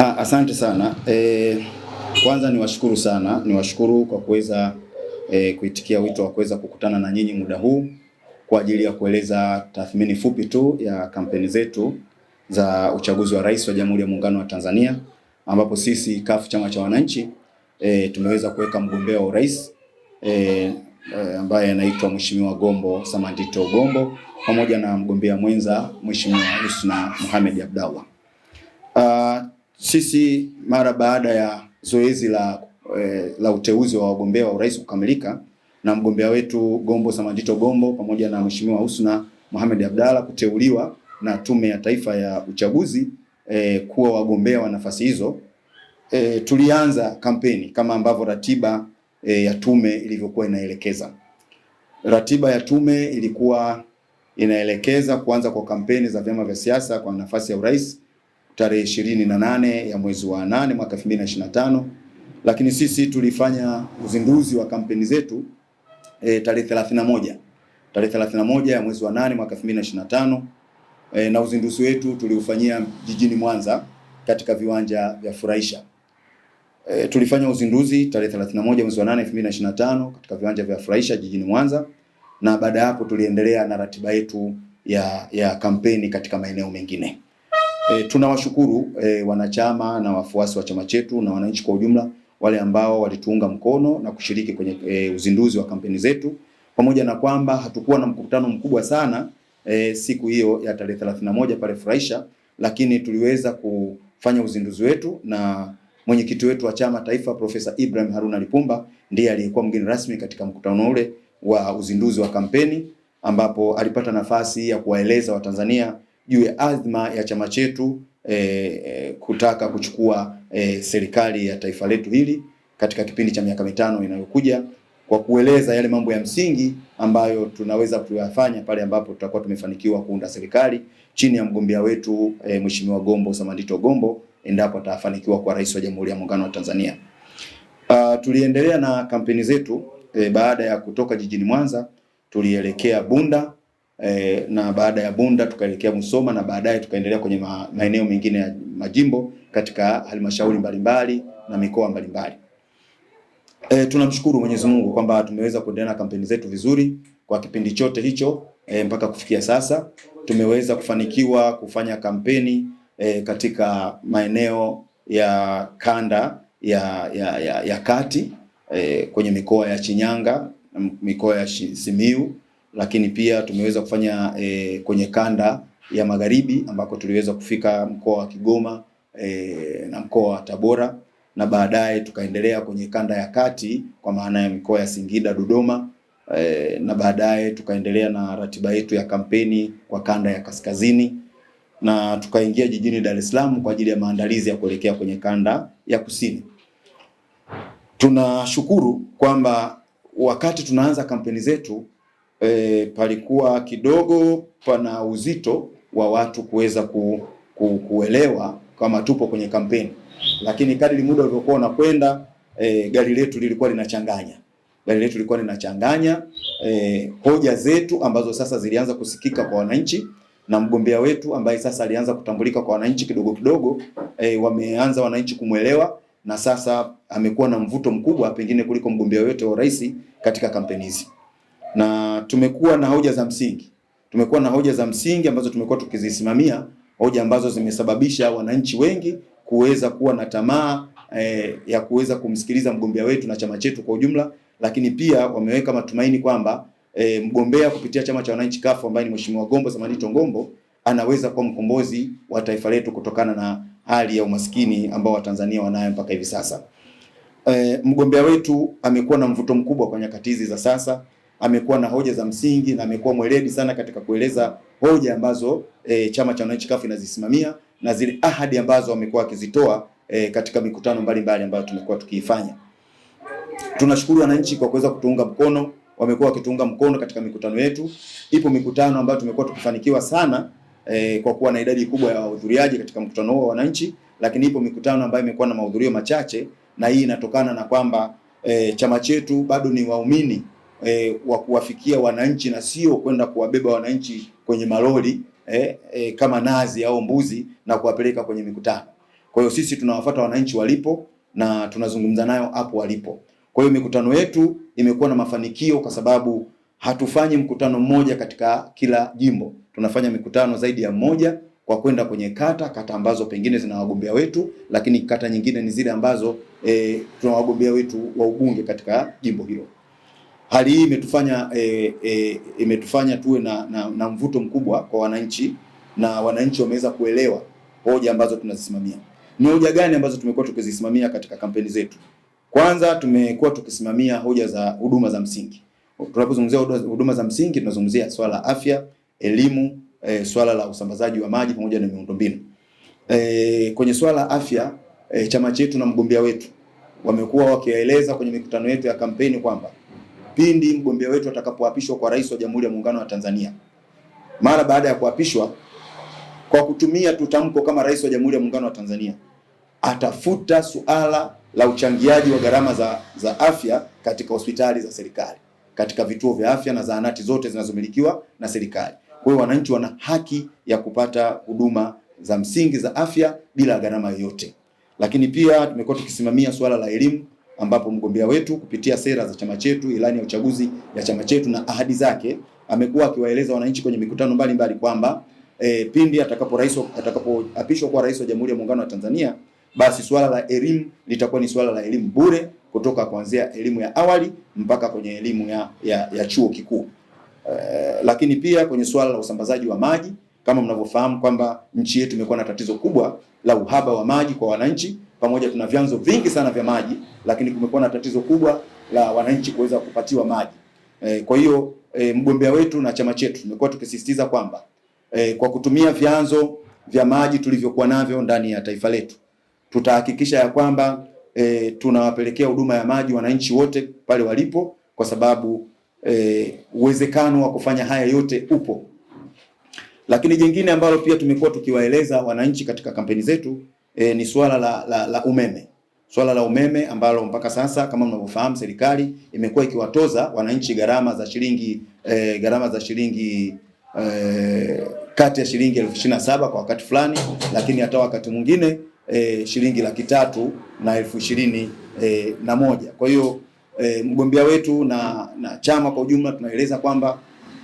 Ha, ah, asante sana e, kwanza niwashukuru sana, niwashukuru kwa kuweza e, kuitikia wito wa kuweza kukutana na nyinyi muda huu kwa ajili ya kueleza tathmini fupi tu ya kampeni zetu za uchaguzi wa rais wa Jamhuri ya Muungano wa Tanzania ambapo sisi CUF Chama cha Wananchi e, tumeweza kuweka mgombea wa urais e, ambaye anaitwa Mheshimiwa Gombo Samandito Gombo pamoja na mgombea mwenza Mheshimiwa Husna Mohamed Abdallah. Uh, sisi mara baada ya zoezi la, e, la uteuzi wa wagombea wa urais kukamilika na mgombea wetu Gombo Samandito Gombo pamoja na Mheshimiwa Husna Mohamed Abdalla kuteuliwa na Tume ya Taifa ya Uchaguzi e, kuwa wagombea wa nafasi hizo e, tulianza kampeni kama ambavyo ratiba e, ya tume ilivyokuwa inaelekeza. Ratiba ya tume ilikuwa inaelekeza kuanza kwa kampeni za vyama vya siasa kwa nafasi ya urais tarehe ishirini na nane ya mwezi wa nane mwaka 2025, lakini sisi tulifanya uzinduzi wa kampeni zetu e, tarehe 31 tarehe 31 ya mwezi wa nane mwaka 2025 e, eh, na uzinduzi wetu tuliufanyia jijini Mwanza katika viwanja vya Furahisha. E, tulifanya uzinduzi tarehe 31 mwezi wa 8 2025 katika viwanja vya Furahisha jijini Mwanza, na baada ya hapo tuliendelea na ratiba yetu ya, ya kampeni katika maeneo mengine. E, tunawashukuru e, wanachama na wafuasi wa chama chetu na wananchi kwa ujumla wale ambao walituunga mkono na kushiriki kwenye e, uzinduzi wa kampeni zetu, pamoja na kwamba hatukuwa na mkutano mkubwa sana e, siku hiyo ya tarehe 31 pale Furahisha, lakini tuliweza kufanya uzinduzi wetu na mwenyekiti wetu wa chama taifa Profesa Ibrahim Haruna Lipumba ndiye aliyekuwa mgeni rasmi katika mkutano ule wa uzinduzi wa kampeni, ambapo alipata nafasi ya kuwaeleza Watanzania juu ya azma ya chama chetu e, kutaka kuchukua e, serikali ya taifa letu hili katika kipindi cha miaka mitano inayokuja kwa kueleza yale mambo ya msingi ambayo tunaweza kuyafanya pale ambapo tutakuwa tumefanikiwa kuunda serikali chini ya mgombea wetu e, Mheshimiwa Gombo Samandito Gombo endapo atafanikiwa kuwa rais wa Jamhuri ya Muungano wa Tanzania. Uh, tuliendelea na kampeni zetu e, baada ya kutoka jijini Mwanza tulielekea Bunda e, na baada ya Bunda tukaelekea Musoma na baadaye tukaendelea kwenye ma, maeneo mengine ya majimbo katika halmashauri mbalimbali na mikoa mbalimbali. E, tunamshukuru Mwenyezi Mungu kwamba tumeweza kuendelea na kampeni zetu vizuri kwa kipindi chote hicho e, mpaka kufikia sasa tumeweza kufanikiwa kufanya kampeni e, katika maeneo ya kanda ya, ya, ya, ya kati e, kwenye mikoa ya Shinyanga, mikoa ya Simiyu lakini pia tumeweza kufanya e, kwenye kanda ya magharibi ambako tuliweza kufika mkoa wa Kigoma e, na mkoa wa Tabora na baadaye tukaendelea kwenye kanda ya kati kwa maana ya mikoa ya Singida, Dodoma e, na baadaye tukaendelea na ratiba yetu ya kampeni kwa kanda ya kaskazini na tukaingia jijini Dar es Salaam kwa ajili ya maandalizi ya kuelekea kwenye kanda ya kusini. Tunashukuru kwamba wakati tunaanza kampeni zetu e, palikuwa kidogo pana uzito wa watu kuweza ku, ku, kuelewa kama tupo kwenye kampeni, lakini kadri muda ulivyokuwa unakwenda e, gari letu lilikuwa linachanganya gari letu lilikuwa linachanganya e, hoja zetu ambazo sasa zilianza kusikika kwa wananchi na mgombea wetu ambaye sasa alianza kutambulika kwa wananchi kidogo kidogo, e, wameanza wananchi kumwelewa na sasa amekuwa na mvuto mkubwa pengine kuliko mgombea yote wa urais katika kampeni hizi na tumekuwa na hoja za msingi, tumekuwa na hoja za msingi ambazo tumekuwa tukizisimamia, hoja ambazo zimesababisha wananchi wengi kuweza kuwa na tamaa eh, ya kuweza kumsikiliza mgombea wetu na chama chetu kwa ujumla, lakini pia wameweka matumaini kwamba eh, mgombea kupitia chama cha wananchi CUF ambaye ni Mheshimiwa Gombo Samantito Ngombo anaweza kuwa mkombozi wa taifa letu kutokana na hali ya umaskini ambao Watanzania wanayo mpaka hivi sasa. E, mgombea wetu amekuwa na mvuto mkubwa kwa nyakati hizi za sasa amekuwa na hoja za msingi na amekuwa mweledi sana katika kueleza hoja ambazo e, chama cha wananchi CUF inazisimamia na zile ahadi ambazo amekuwa akizitoa e, katika mikutano mbalimbali ambayo tumekuwa tukiifanya. Tunashukuru wananchi kwa kuweza kutuunga mkono, wamekuwa wakituunga mkono katika mikutano yetu. Ipo mikutano ambayo tumekuwa tukifanikiwa sana e, kwa kuwa na idadi kubwa ya wahudhuriaji katika mkutano huo wa wananchi, lakini ipo mikutano ambayo imekuwa na mahudhurio machache, na hii inatokana na kwamba e, chama chetu bado ni waumini e, wa kuwafikia wananchi na sio kwenda kuwabeba wananchi kwenye malori e, e, kama nazi au mbuzi na kuwapeleka kwenye mikutano. Kwa hiyo sisi tunawafuata wananchi walipo na tunazungumza nayo hapo walipo. Kwa hiyo mikutano yetu imekuwa na mafanikio kwa sababu hatufanyi mkutano mmoja katika kila jimbo, tunafanya mikutano zaidi ya mmoja kwa kwenda kwenye kata kata ambazo pengine zina wagombea wetu, lakini kata nyingine ni zile ambazo e, tuna wagombea wetu wa ubunge katika jimbo hilo. Hali hii imetufanya e, e, imetufanya tuwe na, na, na mvuto mkubwa kwa wananchi na wananchi wameweza kuelewa hoja ambazo tunazisimamia. Ni hoja gani ambazo tumekuwa tukizisimamia katika kampeni zetu? Kwanza tumekuwa tukisimamia hoja za huduma za msingi. Tunapozungumzia huduma za msingi tunazungumzia swala la afya, elimu, e, swala la usambazaji wa maji pamoja na miundombinu. E, kwenye swala la afya e, chama chetu na mgombea wetu wamekuwa wakieleza kwenye mikutano yetu ya kampeni kwamba pindi mgombea wetu atakapoapishwa kwa rais wa Jamhuri ya Muungano wa Tanzania, mara baada ya kuapishwa, kwa kutumia tutamko kama rais wa Jamhuri ya Muungano wa Tanzania atafuta suala la uchangiaji wa gharama za, za afya katika hospitali za serikali, katika vituo vya afya na zahanati zote zinazomilikiwa na serikali. Kwa hiyo wananchi wana haki ya kupata huduma za msingi za afya bila gharama yoyote. Lakini pia tumekuwa tukisimamia suala la elimu ambapo mgombea wetu kupitia sera za chama chetu, ilani ya uchaguzi ya chama chetu na ahadi zake, amekuwa akiwaeleza wananchi kwenye mikutano mbalimbali kwamba e, pindi atakapo rais atakapoapishwa kuwa rais wa Jamhuri ya Muungano wa Tanzania, basi swala la elimu litakuwa ni swala la elimu bure kutoka kuanzia elimu ya awali mpaka kwenye elimu ya, ya, ya chuo kikuu. E, lakini pia kwenye suala la usambazaji wa maji kama mnavyofahamu kwamba nchi yetu imekuwa na tatizo kubwa la uhaba wa maji kwa wananchi, pamoja tuna vyanzo vingi sana vya maji, lakini kumekuwa na tatizo kubwa la wananchi kuweza kupatiwa maji e. Kwa hiyo e, mgombea wetu na chama chetu tumekuwa tukisisitiza kwamba e, kwa kutumia vyanzo vya maji tulivyokuwa navyo ndani ya taifa letu tutahakikisha ya kwamba e, tunawapelekea huduma ya maji wananchi wote pale walipo, kwa sababu e, uwezekano wa kufanya haya yote upo. Lakini jingine ambalo pia tumekuwa tukiwaeleza wananchi katika kampeni zetu e, ni swala la, la, la umeme swala la umeme ambalo mpaka sasa kama mnavyofahamu, serikali imekuwa ikiwatoza wananchi gharama za shilingi e, gharama za shilingi e, kati ya shilingi elfu ishirini na saba kwa wakati fulani, lakini hata wakati mwingine e, shilingi laki tatu na elfu ishirini e, na moja. Kwa hiyo e, mgombea wetu na, na chama kwa ujumla tunaeleza kwamba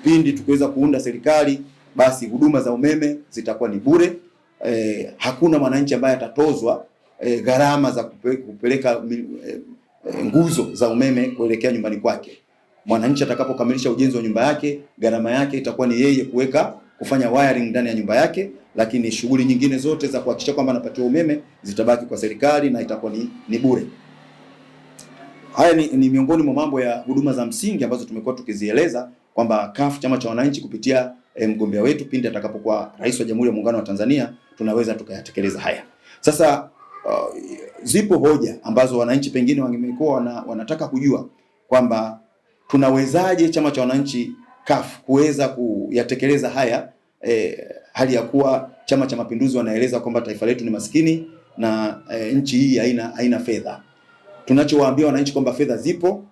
pindi tukiweza kuunda serikali basi huduma za umeme zitakuwa ni bure. Eh, hakuna mwananchi ambaye atatozwa eh, gharama za kupeleka eh, nguzo za umeme kuelekea nyumbani kwake. Mwananchi atakapokamilisha ujenzi wa nyumba yake, gharama yake itakuwa ni yeye kuweka kufanya wiring ndani ya nyumba yake, lakini shughuli nyingine zote za kuhakikisha kwamba anapatiwa umeme zitabaki kwa serikali na itakuwa ni, ni bure. Haya ni, ni miongoni mwa mambo ya huduma za msingi ambazo tumekuwa tukizieleza kwamba CUF Chama cha Wananchi kupitia e, mgombea wetu pindi atakapokuwa rais wa Jamhuri ya Muungano wa Tanzania, tunaweza tukayatekeleza haya. Sasa uh, zipo hoja ambazo wananchi pengine wangekuwa wana, wanataka kujua kwamba tunawezaje chama cha wananchi CUF kuweza kuyatekeleza haya e, hali ya kuwa Chama cha Mapinduzi wanaeleza kwamba taifa letu ni maskini na e, nchi hii haina haina fedha. Tunachowaambia wananchi kwamba fedha zipo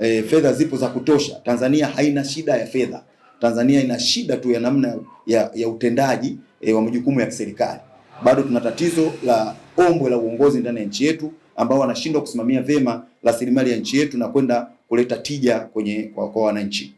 e, fedha zipo za kutosha. Tanzania haina shida ya fedha. Tanzania ina shida tu ya namna ya, ya utendaji e, wa majukumu ya kiserikali. Bado tuna tatizo la ombwe la uongozi ndani ya nchi yetu ambao wanashindwa kusimamia vyema rasilimali ya nchi yetu na kwenda kuleta tija kwenye kwa, kwa wananchi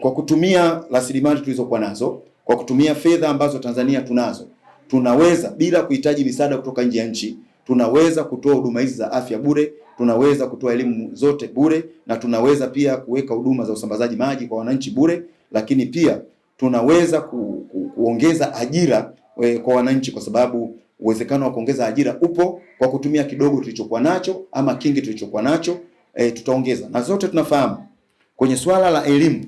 kwa kutumia rasilimali tulizokuwa nazo, kwa kutumia fedha ambazo Tanzania tunazo, tunaweza bila kuhitaji misaada kutoka nje ya nchi, tunaweza kutoa huduma hizi za afya bure tunaweza kutoa elimu zote bure na tunaweza pia kuweka huduma za usambazaji maji kwa wananchi bure, lakini pia tunaweza ku, ku, kuongeza ajira we, kwa wananchi kwa sababu uwezekano wa kuongeza ajira upo kwa kutumia kidogo tulichokuwa nacho ama kingi tulichokuwa nacho e, tutaongeza na zote tunafahamu kwenye swala la elimu.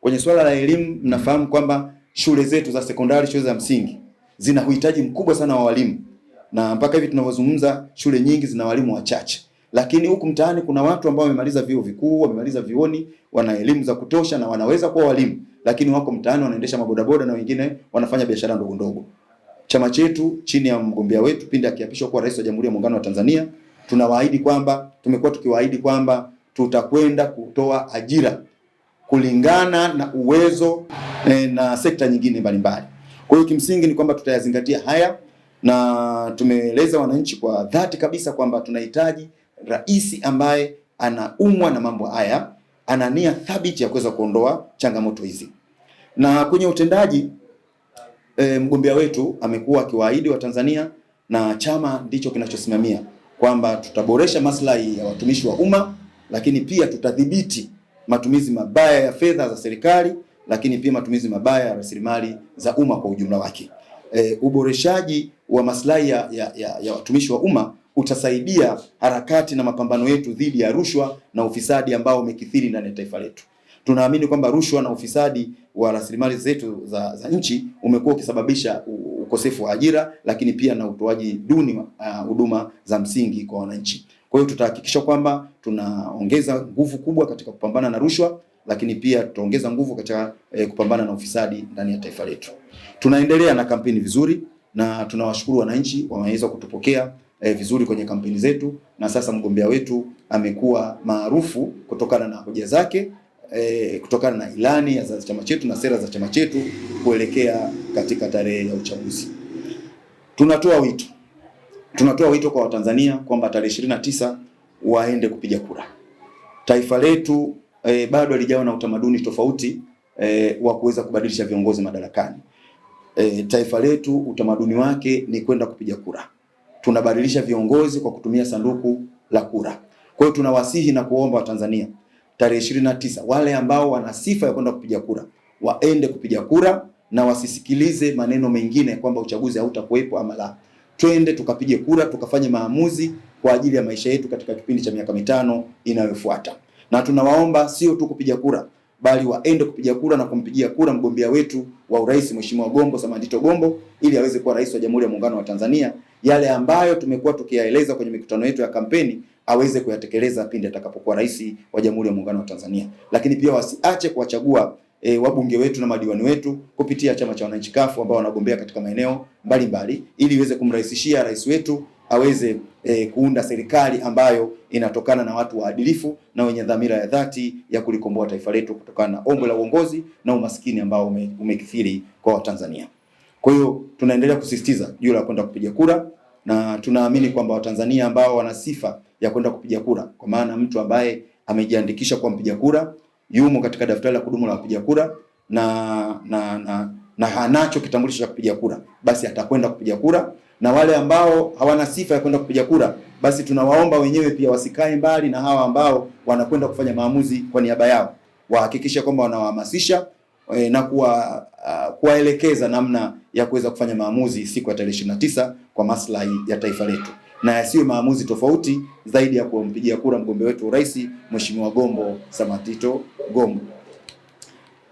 Kwenye swala la elimu mnafahamu kwamba shule zetu za sekondari, shule za msingi zina uhitaji mkubwa sana wa walimu, na mpaka hivi tunavyozungumza shule nyingi zina walimu wachache lakini huku mtaani kuna watu ambao wamemaliza vyuo vikuu, wamemaliza vioni, wana elimu za kutosha na wanaweza kuwa walimu, lakini wako mtaani wanaendesha mabodaboda na wengine wanafanya biashara ndogo ndogo. Chama chetu chini ya mgombea wetu pindi akiapishwa kuwa rais wa Jamhuri ya Muungano wa Tanzania, tunawaahidi kwamba tumekuwa tukiwaahidi kwamba tutakwenda kutoa ajira kulingana na uwezo eh, na sekta nyingine mbalimbali. Kwa hiyo kimsingi ni kwamba tutayazingatia haya na tumeeleza wananchi kwa dhati kabisa kwamba tunahitaji rais ambaye anaumwa na mambo haya ana nia thabiti ya kuweza kuondoa changamoto hizi. Na kwenye utendaji e, mgombea wetu amekuwa akiwaahidi Watanzania na chama ndicho kinachosimamia kwamba tutaboresha maslahi ya watumishi wa umma, lakini pia tutadhibiti matumizi mabaya ya fedha za serikali, lakini pia matumizi mabaya ya rasilimali za umma kwa ujumla wake. E, uboreshaji wa maslahi ya, ya, ya, ya watumishi wa umma utasaidia harakati na mapambano yetu dhidi ya rushwa na ufisadi ambao umekithiri ndani ya taifa letu. Tunaamini kwamba rushwa na ufisadi wa rasilimali zetu za, za nchi umekuwa ukisababisha ukosefu wa ajira, lakini pia na utoaji duni ah, huduma uh, za msingi kwa wananchi. Kwa hiyo tutahakikisha kwamba tunaongeza nguvu kubwa katika kupambana na rushwa, lakini pia tutaongeza nguvu katika eh, kupambana na ufisadi ndani ya taifa letu. Tunaendelea na kampeni vizuri na tunawashukuru wananchi wameweza kutupokea eh, vizuri kwenye kampeni zetu, na sasa mgombea wetu amekuwa maarufu kutokana na hoja zake eh, kutokana na ilani ya chama chetu na sera za chama chetu kuelekea katika tarehe ya uchaguzi. Tunatoa wito, tunatoa wito kwa Watanzania kwamba tarehe 29 waende kupiga kura. Taifa letu eh, bado alijawa na utamaduni tofauti eh, wa kuweza kubadilisha viongozi madarakani. E, taifa letu utamaduni wake ni kwenda kupiga kura tunabadilisha viongozi kwa kutumia sanduku la kura. Kwa hiyo tunawasihi na kuomba Watanzania tarehe ishirini na tisa wale ambao wana sifa ya kwenda kupiga kura waende kupiga kura na wasisikilize maneno mengine kwamba uchaguzi hautakuwepo ama la. Twende tukapige kura tukafanye maamuzi kwa ajili ya maisha yetu katika kipindi cha miaka mitano inayofuata, na tunawaomba sio tu kupiga kura bali waende kupiga kura na kumpigia kura mgombea wetu wa urais Mheshimiwa Gombo Samandito Gombo ili aweze kuwa rais wa Jamhuri ya Muungano wa Tanzania. Yale ambayo tumekuwa tukiyaeleza kwenye mikutano yetu ya kampeni aweze kuyatekeleza pindi atakapokuwa rais wa Jamhuri ya Muungano wa Tanzania. Lakini pia wasiache kuwachagua e, wabunge wetu na madiwani wetu kupitia Chama cha Wananchi CUF ambao wanagombea katika maeneo mbalimbali ili iweze kumrahisishia rais wetu aweze e, kuunda serikali ambayo inatokana na watu waadilifu na wenye dhamira ya dhati ya kulikomboa taifa letu kutokana na ombwe la uongozi na umaskini ambao ume, umekithiri kwa Watanzania. Kwa hiyo tunaendelea kusisitiza juu la kwenda kupiga kura na tunaamini kwamba Watanzania ambao wana sifa ya kwenda kupiga kura, kwa maana mtu ambaye amejiandikisha kwa mpiga kura, yumo katika daftari la kudumu la wapiga kura na, na, na, na hanacho kitambulisho cha kupiga kura, basi atakwenda kupiga kura na wale ambao hawana sifa ya kwenda kupiga kura, basi tunawaomba wenyewe pia wasikae mbali na hawa ambao wanakwenda kufanya maamuzi kwa niaba yao, wahakikishe kwamba wanawahamasisha e, na kuwa ah, kuwaelekeza namna ya kuweza kufanya maamuzi siku ya tarehe ishirini na tisa kwa maslahi ya taifa letu na yasiwe maamuzi tofauti zaidi ya kumpigia kura mgombea wetu urais Mheshimiwa Gombo samatito Gombo.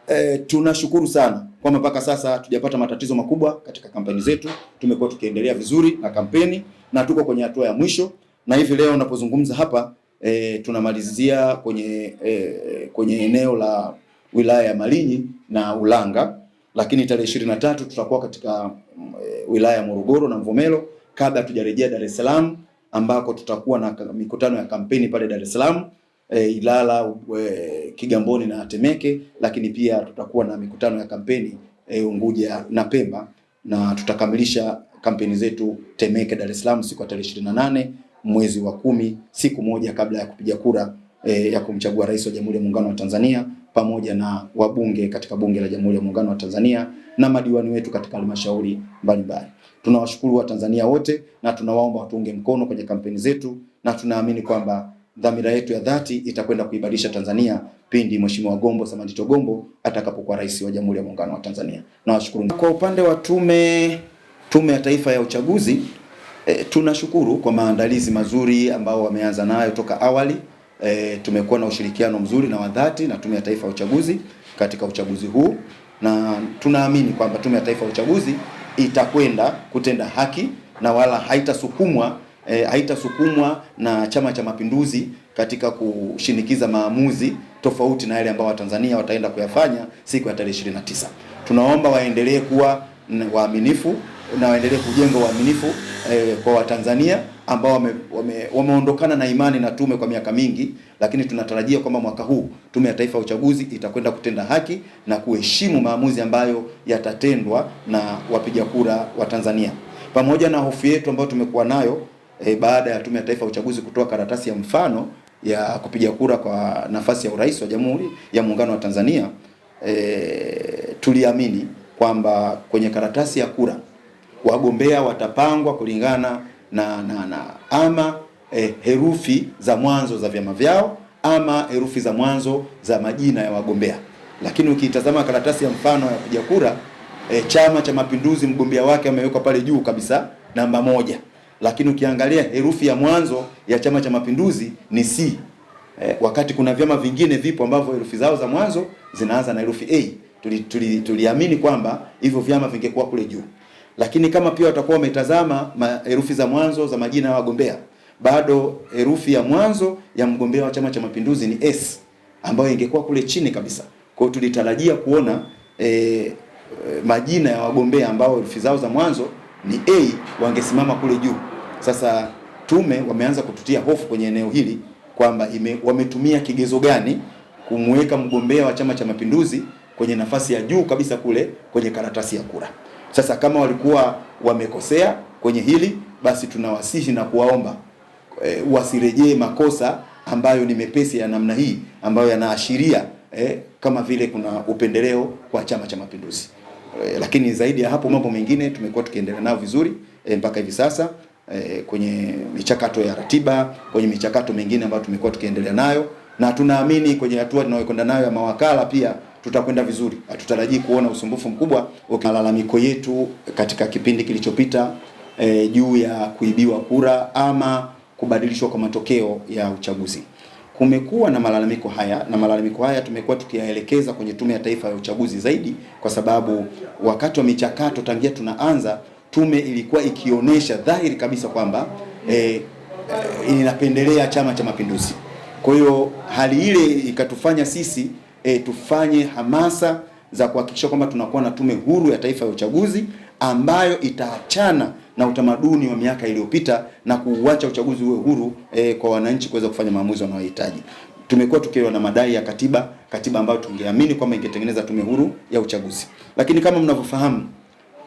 E, tunashukuru sana kwamba mpaka sasa tujapata matatizo makubwa katika kampeni zetu. Tumekuwa tukiendelea vizuri na kampeni na tuko kwenye hatua ya mwisho, na hivi leo unapozungumza hapa e, tunamalizia kwenye e, kwenye eneo la wilaya ya Malinyi na Ulanga, lakini tarehe ishirini na tatu tutakuwa katika e, wilaya ya Morogoro na Mvomero kabla tujarejea Dar es Salaam ambako tutakuwa na mikutano ya kampeni pale Dar es Salaam e, Ilala e, Kigamboni na Temeke, lakini pia tutakuwa na mikutano ya kampeni e, Unguja na Pemba na tutakamilisha kampeni zetu Temeke, Dar es Salaam siku ya tarehe 28 mwezi wa kumi, siku moja kabla ya kupiga kura e, ya kumchagua rais wa Jamhuri ya Muungano wa Tanzania pamoja na wabunge katika Bunge la Jamhuri ya Muungano wa Tanzania na madiwani wetu katika halmashauri mbalimbali. Tunawashukuru Watanzania wote na tunawaomba watuunge mkono kwenye kampeni zetu na tunaamini kwamba dhamira yetu ya dhati itakwenda kuibadilisha Tanzania pindi Mheshimiwa Gombo Samadi Togombo atakapokuwa rais wa Jamhuri ya Muungano wa Tanzania. Nawashukuru. Kwa upande wa tume Tume ya Taifa ya Uchaguzi e, tunashukuru kwa maandalizi mazuri ambao wameanza nayo toka awali. E, tumekuwa na ushirikiano mzuri na wadhati na Tume ya Taifa ya Uchaguzi katika uchaguzi huu na tunaamini kwamba Tume ya Taifa ya Uchaguzi itakwenda kutenda haki na wala haitasukumwa e, haitasukumwa na Chama cha Mapinduzi katika kushinikiza maamuzi tofauti na yale ambayo Watanzania wataenda kuyafanya siku ya tarehe 29. Tunaomba waendelee kuwa waaminifu na waendelee kujenga uaminifu e, kwa Watanzania ambao wame, wame, wameondokana na imani na tume kwa miaka mingi, lakini tunatarajia kwamba mwaka huu Tume ya Taifa ya Uchaguzi itakwenda kutenda haki na kuheshimu maamuzi ambayo yatatendwa na wapiga kura wa Tanzania, pamoja na hofu yetu ambayo tumekuwa nayo e, baada ya Tume ya Taifa ya Uchaguzi kutoa karatasi ya mfano ya kupiga kura kwa nafasi ya urais wa Jamhuri ya Muungano wa Tanzania e, tuliamini kwamba kwenye karatasi ya kura wagombea watapangwa kulingana na, na, na ama e, herufi za mwanzo za vyama vyao ama herufi za mwanzo za majina ya wagombea. Lakini ukiitazama karatasi ya mfano ya kupiga kura e, Chama cha Mapinduzi mgombea wake amewekwa pale juu kabisa namba moja lakini ukiangalia herufi ya mwanzo ya Chama cha Mapinduzi ni C eh, wakati kuna vyama vingine vipo ambavyo herufi zao za mwanzo zinaanza na herufi A. Tuliamini tuli, tuli kwamba hivyo vyama vingekuwa kule juu, lakini kama pia watakuwa wametazama herufi za mwanzo za majina ya wagombea, bado herufi ya mwanzo ya mgombea wa Chama cha Mapinduzi ni S ambayo ingekuwa kule chini kabisa. Kwa hiyo tulitarajia kuona eh, eh majina ya wagombea ambao herufi zao za mwanzo ni A wangesimama kule juu. Sasa tume wameanza kututia hofu kwenye eneo hili kwamba wametumia kigezo gani kumweka mgombea wa Chama cha Mapinduzi kwenye nafasi ya juu kabisa kule kwenye karatasi ya kura. Sasa kama walikuwa wamekosea kwenye hili, basi tunawasihi na kuwaomba e, wasirejee makosa ambayo ni mepesi ya namna hii ambayo yanaashiria e, kama vile kuna upendeleo kwa Chama cha Mapinduzi e, lakini zaidi ya hapo mambo mengine tumekuwa tukiendelea nao vizuri e, mpaka hivi sasa e, kwenye michakato ya ratiba, kwenye michakato mengine ambayo tumekuwa tukiendelea nayo, na tunaamini kwenye hatua tunayokwenda nayo ya mawakala pia tutakwenda vizuri. Hatutarajii kuona usumbufu mkubwa. Malalamiko yetu katika kipindi kilichopita e, juu ya kuibiwa kura ama kubadilishwa kwa matokeo ya uchaguzi kumekuwa na malalamiko haya na malalamiko haya tumekuwa tukiyaelekeza kwenye Tume ya Taifa ya Uchaguzi zaidi, kwa sababu wakati wa michakato tangia tunaanza tume ilikuwa ikionyesha dhahiri kabisa kwamba e, inapendelea Chama cha Mapinduzi. Kwa hiyo hali ile ikatufanya sisi e, tufanye hamasa za kuhakikisha kwamba tunakuwa na tume huru ya taifa ya uchaguzi ambayo itaachana na utamaduni wa miaka iliyopita na kuuacha uchaguzi uwe huru e, kwa wananchi kuweza kufanya maamuzi wanayohitaji. Tumekuwa tukiwa na madai ya katiba, katiba ambayo tungeamini kwamba ingetengeneza tume huru ya uchaguzi, lakini kama mnavyofahamu,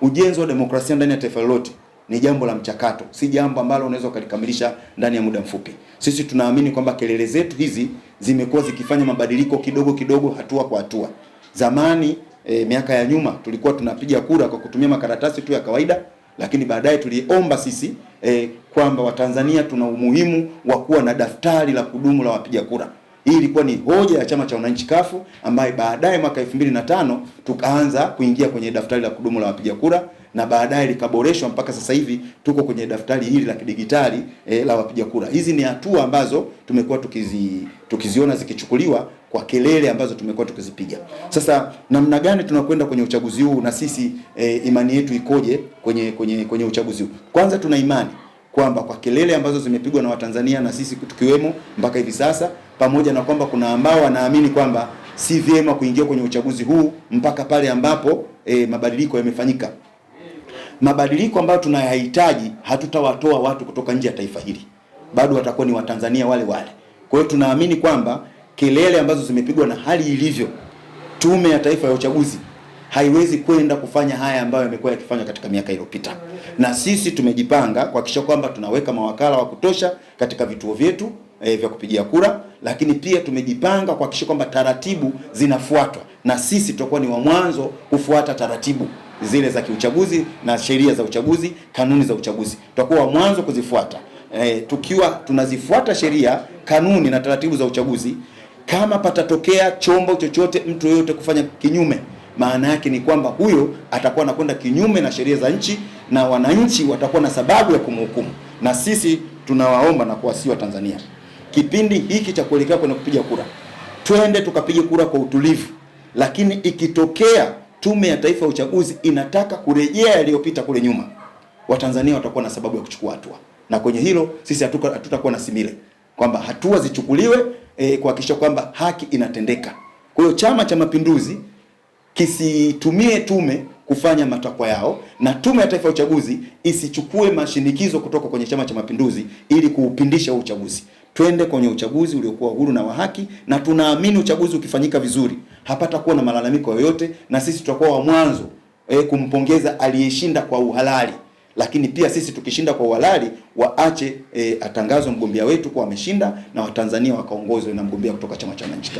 ujenzi wa demokrasia ndani ya taifa lolote ni jambo la mchakato, si jambo ambalo unaweza ukalikamilisha ndani ya muda mfupi. Sisi tunaamini kwamba kelele zetu hizi zimekuwa zikifanya mabadiliko kidogo kidogo, hatua kwa hatua. Zamani e, miaka ya nyuma tulikuwa tunapiga kura kwa kutumia makaratasi tu ya kawaida, lakini baadaye tuliomba sisi e, kwamba Watanzania tuna umuhimu wa kuwa na daftari la kudumu la wapiga kura. Hii ilikuwa ni hoja ya chama cha wananchi kafu ambaye baadaye mwaka 2005 tukaanza kuingia kwenye daftari la kudumu la wapiga kura na baadaye likaboreshwa mpaka sasa hivi tuko kwenye daftari hili la kidigitali e, la wapiga kura. Hizi ni hatua ambazo tumekuwa tukizi, tukiziona zikichukuliwa kwa kelele ambazo tumekuwa tukizipiga. Sasa namna gani tunakwenda kwenye uchaguzi huu na sisi e, imani yetu ikoje kwenye kwenye kwenye uchaguzi huu? Kwanza tuna imani kwamba kwa kelele ambazo zimepigwa na Watanzania na sisi tukiwemo mpaka hivi sasa, pamoja na kwamba kuna ambao wanaamini kwamba si vyema kuingia kwenye uchaguzi huu mpaka pale ambapo e, mabadiliko yamefanyika. Mabadiliko ambayo tunayahitaji, hatutawatoa watu kutoka nje ya taifa hili, bado watakuwa ni Watanzania wale wale. Kwa hiyo tunaamini kwamba kelele ambazo zimepigwa na hali ilivyo, Tume ya Taifa ya Uchaguzi haiwezi kwenda kufanya haya ambayo yamekuwa yakifanywa katika miaka iliyopita. Na sisi tumejipanga kuhakikisha kwamba tunaweka mawakala wa kutosha katika vituo vyetu e, vya kupigia kura, lakini pia tumejipanga kuhakikisha kwamba taratibu zinafuatwa, na sisi tutakuwa ni wa mwanzo kufuata taratibu zile za kiuchaguzi na sheria za uchaguzi, kanuni za uchaguzi, tutakuwa wa mwanzo kuzifuata. E, tukiwa tunazifuata sheria, kanuni na taratibu za uchaguzi kama patatokea chombo chochote, mtu yoyote kufanya kinyume, maana yake ni kwamba huyo atakuwa anakwenda kinyume na sheria za nchi na wananchi watakuwa na sababu ya kumhukumu. Na sisi tunawaomba na kuwasihi Watanzania, kipindi hiki cha kuelekea kwenye kupiga kura, twende tukapige kura kwa utulivu, lakini ikitokea Tume ya Taifa ya Uchaguzi inataka kurejea yaliyopita kule nyuma, Watanzania watakuwa na sababu ya kuchukua hatua, na kwenye hilo sisi hatutakuwa na simile kwamba hatua zichukuliwe e, kuhakikisha kwamba haki inatendeka. Kwa hiyo Chama cha Mapinduzi kisitumie tume kufanya matakwa yao na Tume ya Taifa ya Uchaguzi isichukue mashinikizo kutoka kwenye Chama cha Mapinduzi ili kuupindisha huu uchaguzi. Twende kwenye uchaguzi uliokuwa huru na wa haki, na tunaamini uchaguzi ukifanyika vizuri hapatakuwa na malalamiko yoyote, na sisi tutakuwa wa mwanzo e, kumpongeza aliyeshinda kwa uhalali lakini pia sisi tukishinda kwa uhalali waache e, eh, atangazwe mgombea wetu kuwa ameshinda na Watanzania wakaongozwe na mgombea kutoka chama cha wananchi.